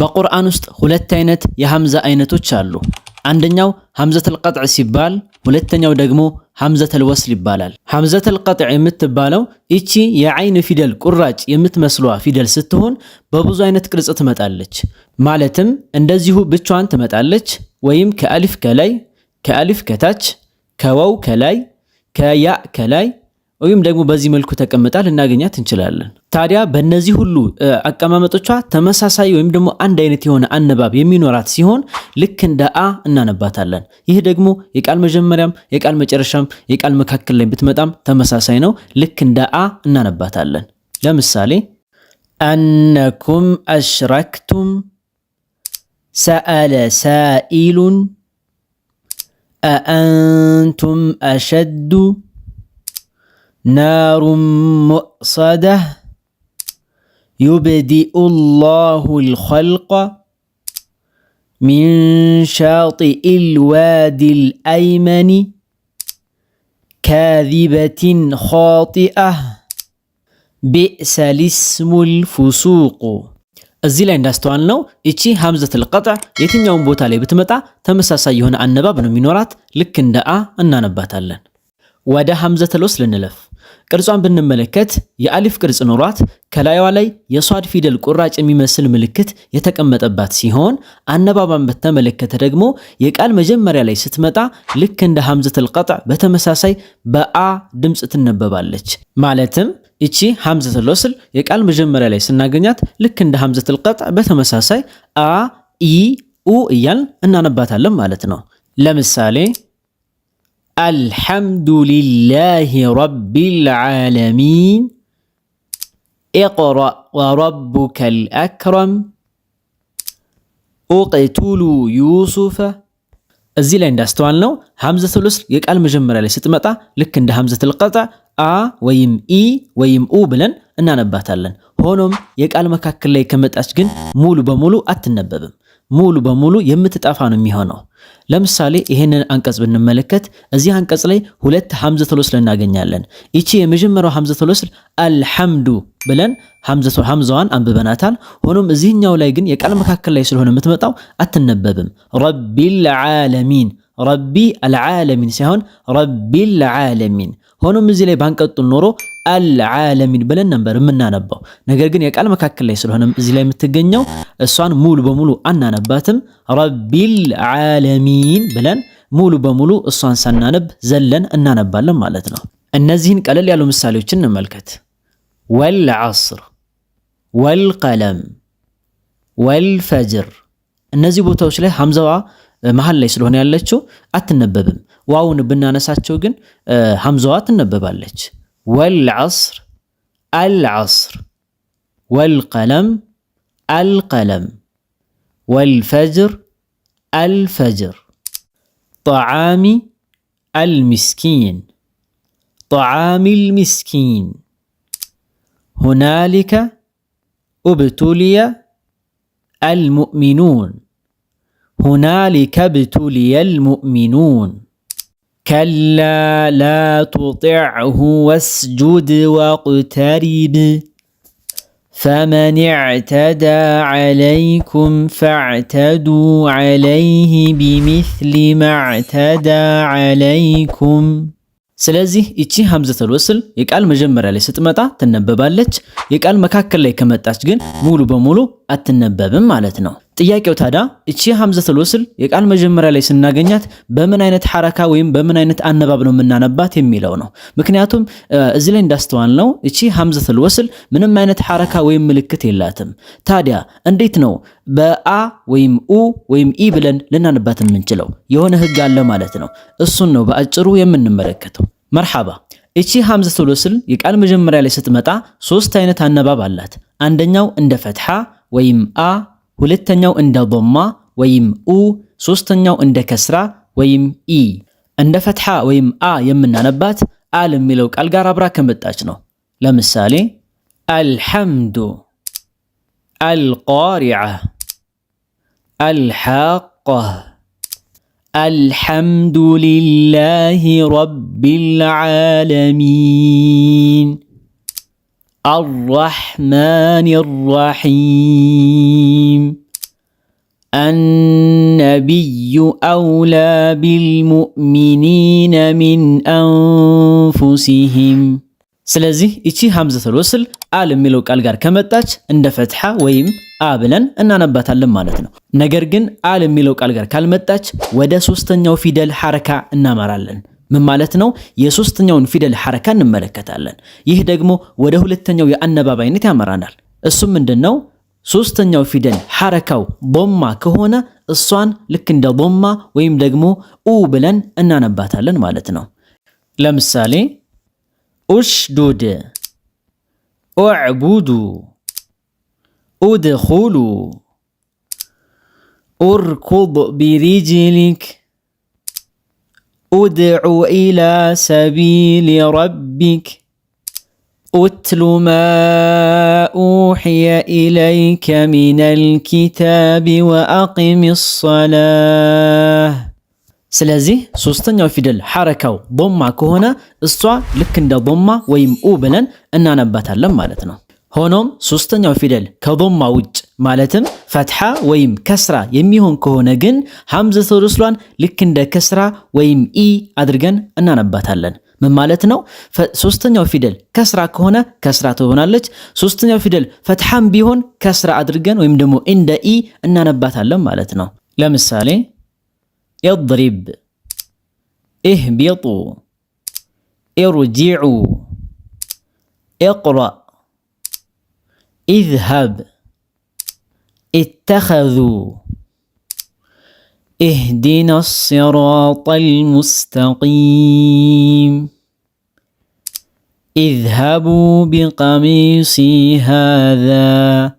በቁርአን ውስጥ ሁለት አይነት የሐምዛ አይነቶች አሉ። አንደኛው ሐምዘተል ቀጥዕ ሲባል ሁለተኛው ደግሞ ሐምዘተል ወስል ይባላል። ሐምዘተል ቀጥዕ የምትባለው ይቺ የዓይን ፊደል ቁራጭ የምትመስሏ ፊደል ስትሆን በብዙ አይነት ቅርጽ ትመጣለች። ማለትም እንደዚሁ ብቻዋን ትመጣለች፣ ወይም ከአሊፍ ከላይ፣ ከአሊፍ ከታች፣ ከዋው ከላይ፣ ከያ ከላይ ወይም ደግሞ በዚህ መልኩ ተቀምጣ ልናገኛት እንችላለን። ታዲያ በእነዚህ ሁሉ አቀማመጦቿ ተመሳሳይ ወይም ደግሞ አንድ አይነት የሆነ አነባብ የሚኖራት ሲሆን ልክ እንደ አ እናነባታለን። ይህ ደግሞ የቃል መጀመሪያም የቃል መጨረሻም የቃል መካከል ላይ ብትመጣም ተመሳሳይ ነው። ልክ እንደ አ እናነባታለን። ለምሳሌ አነኩም አሽረክቱም፣ ሰአለ ሳኢሉን፣ አአንቱም አሸዱ نار مؤصده يبدئ الله الخلق من شاطئ الوادي الايمن كاذبه خاطئه بئس الاسم الفسوق እዚህ ላይ እንዳስተዋልነው እቺ ሀምዘቱል ቀጥዕ የትኛውን ቦታ ላይ ብትመጣ ተመሳሳይ የሆነ አነባብ ነው የሚኖራት። ልክ እንደ አ እናነባታለን። ወደ ሀምዘቱል ወስል ልንለፍ። ቅርጿን ብንመለከት የአሊፍ ቅርጽ ኖሯት ከላይዋ ላይ የሷድ ፊደል ቁራጭ የሚመስል ምልክት የተቀመጠባት ሲሆን አነባባን በተመለከተ ደግሞ የቃል መጀመሪያ ላይ ስትመጣ ልክ እንደ ሐምዘተል ቀጥዕ በተመሳሳይ በአ ድምፅ ትነበባለች። ማለትም እቺ ሐምዘተል ወስል የቃል መጀመሪያ ላይ ስናገኛት ልክ እንደ ሐምዘተል ቀጥዕ በተመሳሳይ አ ኢ ኡ እያል እናነባታለን ማለት ነው። ለምሳሌ الحمد لله رب العالمين اقرأ وربك الأكرم اقتلوا يوسف እዚህ ላይ እንዳስተዋልነው ሀምዘቱል ወስል የቃል መጀመሪያ ላይ ስትመጣ ልክ እንደ ሀምዘቱል ቀጥዕ አ ወይም ኢ ወይም ኡ ብለን እናነባታለን። ሆኖም የቃል መካከል ላይ ከመጣች ግን ሙሉ በሙሉ አትነበብም። ሙሉ በሙሉ የምትጠፋ ነው የሚሆነው። ለምሳሌ ይሄንን አንቀጽ ብንመለከት እዚህ አንቀጽ ላይ ሁለት ሐምዘቱል ወስል እናገኛለን። ይቺ የመጀመሪያው ሐምዘቱል ወስል አልሐምዱ ብለን ሐምዘዋን አንብበናታል። ሆኖም እዚህኛው ላይ ግን የቃል መካከል ላይ ስለሆነ የምትመጣው አትነበብም። ረቢል ዓለሚን ረቢ አልዓለሚን ሳይሆን ረቢል ዓለሚን። ሆኖም እዚህ ላይ ባንቀጡን ኖሮ አልዓለሚን ብለን ነበር የምናነባው። ነገር ግን የቃል መካከል ላይ ስለሆነ እዚህ ላይ የምትገኘው እሷን ሙሉ በሙሉ አናነባትም። ረቢል ዓለሚን ብለን ሙሉ በሙሉ እሷን ሳናነብ ዘለን እናነባለን ማለት ነው። እነዚህን ቀለል ያሉ ምሳሌዎችን እንመልከት። ወልዓስር፣ ወልቀለም፣ ወልፈጅር እነዚህ ቦታዎች ላይ ሐምዛዋ መሀል ላይ ስለሆነ ያለችው አትነበብም። ዋውን ብናነሳቸው ግን ሐምዛዋ ትነበባለች። والعصر العصر والقلم القلم والفجر الفجر طعام المسكين طعام المسكين هنالك ابتلي المؤمنون هنالك ابتلي المؤمنون كلا لا تطعه واسجد واقترب فمن اعتدى عليكم فاعتدوا عليه بمثل ما اعتدى عليكم سلازي ايتشي همزة الوصل يكال مجمرة لي ستمتا تنببالج يكال مكاكل لي كمتاشجن مولو بمولو اتنببن مالتنو ጥያቄው ታዲያ እቺ ሐምዘተል ወስል የቃል መጀመሪያ ላይ ስናገኛት በምን አይነት ሐረካ ወይም በምን አይነት አነባብ ነው የምናነባት የሚለው ነው። ምክንያቱም እዚህ ላይ እንዳስተዋል ነው እቺ ሐምዘተል ወስል ምንም አይነት ሐረካ ወይም ምልክት የላትም። ታዲያ እንዴት ነው በአ ወይም ኡ ወይም ኢ ብለን ልናነባት የምንችለው? የሆነ ህግ አለ ማለት ነው። እሱን ነው በአጭሩ የምንመለከተው። መርሓባ እቺ ሐምዘተል ወስል የቃል መጀመሪያ ላይ ስትመጣ ሶስት አይነት አነባብ አላት። አንደኛው እንደ ፈትሓ ወይም አ ሁለተኛው እንደ ዶማ ወይም ኡ፣ ሶስተኛው እንደ ከስራ ወይም ኢ። እንደ ፈትሓ ወይም አ የምናነባት አል የሚለው ቃል ጋር አብራ ከመጣች ነው። ለምሳሌ አልሐምዱ፣ አልቃሪዐ፣ አልሓቆ፣ አልሐምዱ ሊላሂ ረቢል ዓለሚን الرحمن الرحيم النبي أولى بالمؤمنين من أنفسهم ስለዚህ እቺ ሐምዘተል ወስል አል የሚለው ቃል ጋር ከመጣች እንደ ፈትሐ ወይም አ ብለን እናነባታለን ማለት ነው። ነገር ግን አል የሚለው ቃል ጋር ካልመጣች ወደ ሶስተኛው ፊደል ሐረካ እናመራለን። ምን ማለት ነው? የሶስተኛውን ፊደል ሐረካ እንመለከታለን። ይህ ደግሞ ወደ ሁለተኛው የአነባብ አይነት ያመራናል። እሱም ምንድን ነው? ሶስተኛው ፊደል ሐረካው ቦማ ከሆነ እሷን ልክ እንደ ቦማ ወይም ደግሞ ኡ ብለን እናነባታለን ማለት ነው። ለምሳሌ ኡሽዱድ፣ ኡዕቡዱ፣ ኡድኹሉ፣ ኡርኩብ ቢሪጅሊክ ادع الى سبيل ربك اتل ما اوحي اليك من الكتاب واقم الصلاه سلازي سوستن يو فيدل حركة ضمة كهنا استوى لكن دا ضمة ويم أوبلا أننا نباتها لما لتنو ሆኖም ሶስተኛው ፊደል ከዶማ ውጭ ማለትም ፈትሐ ወይም ከስራ የሚሆን ከሆነ ግን ሐምዘቱል ወስሏን ልክ እንደ ከስራ ወይም ኢ አድርገን እናነባታለን። ምን ማለት ነው? ሶስተኛው ፊደል ከስራ ከሆነ ከስራ ትሆናለች። ሶስተኛው ፊደል ፈትሐም ቢሆን ከስራ አድርገን ወይም ደግሞ እንደ ኢ እናነባታለን ማለት ነው። ለምሳሌ የድሪብ፣ ኢህቢጡ፣ ኢርጂዑ፣ ኢቅረእ اذهب اتخذوا اهدنا الصراط المستقيم اذهبوا بقميصي هذا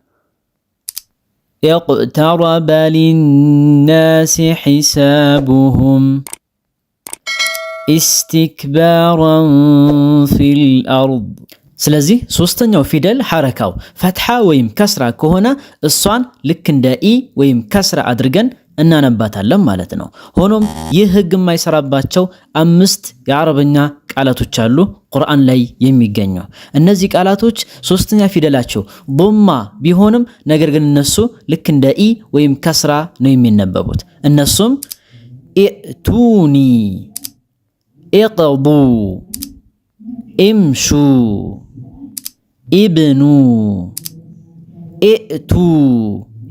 اقترب للناس حسابهم استكبارا في الارض ስለዚህ ሶስተኛው ፊደል ሐረካው ፈትሓ ወይም ከስራ ከሆነ እሷን ልክ እንደ ኢ ወይም ከስራ አድርገን እናነባታለን ማለት ነው። ሆኖም ይህ ህግ የማይሰራባቸው አምስት የአረበኛ ቃላቶች አሉ ቁርአን ላይ የሚገኙ። እነዚህ ቃላቶች ሶስተኛ ፊደላቸው ቦማ ቢሆንም ነገር ግን እነሱ ልክ እንደ ኢ ወይም ከስራ ነው የሚነበቡት። እነሱም ኢእቱኒ፣ ኢቅቡ፣ ኢምሹ ኢብኑ ኢእቱ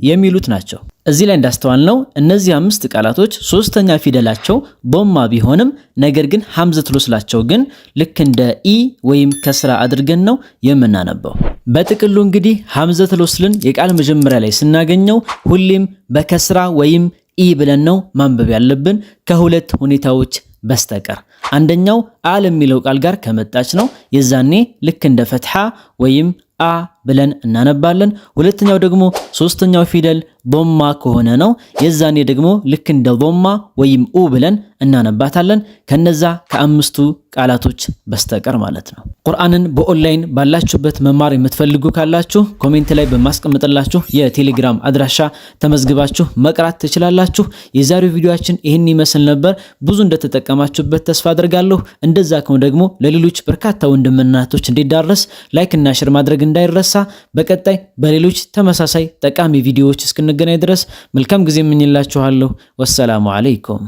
የሚሉት ናቸው። እዚህ ላይ እንዳስተዋልነው እነዚህ አምስት ቃላቶች ሶስተኛ ፊደላቸው ቦማ ቢሆንም ነገር ግን ሐምዘቱል ወስላቸው ግን ልክ እንደ ኢ ወይም ከስራ አድርገን ነው የምናነበው። በጥቅሉ እንግዲህ ሐምዘቱል ወስልን የቃል መጀመሪያ ላይ ስናገኘው ሁሌም በከስራ ወይም ኢ ብለን ነው ማንበብ ያለብን ከሁለት ሁኔታዎች በስተቀር አንደኛው አል የሚለው ቃል ጋር ከመጣች ነው። የዛኔ ልክ እንደ ፈትሐ ወይም አ ብለን እናነባለን። ሁለተኛው ደግሞ ሶስተኛው ፊደል ዶማ ከሆነ ነው። የዛኔ ደግሞ ልክ እንደ ዶማ ወይም ኡ ብለን እናነባታለን ከነዛ ከአምስቱ ቃላቶች በስተቀር ማለት ነው። ቁርአንን በኦንላይን ባላችሁበት መማር የምትፈልጉ ካላችሁ ኮሜንት ላይ በማስቀምጥላችሁ የቴሌግራም አድራሻ ተመዝግባችሁ መቅራት ትችላላችሁ። የዛሬው ቪዲዮችን ይህን ይመስል ነበር። ብዙ እንደተጠቀማችሁበት ተስፋ አድርጋለሁ። እንደዛ ከሆነ ደግሞ ለሌሎች በርካታ ወንድምና እህቶች እንዲዳረስ ላይክ እና ሽር ማድረግ እንዳይረሳ። በቀጣይ በሌሎች ተመሳሳይ ጠቃሚ ቪዲዮዎች እስክን እስከምንገናኝ ድረስ መልካም ጊዜ እመኝላችኋለሁ። ወሰላሙ አለይኩም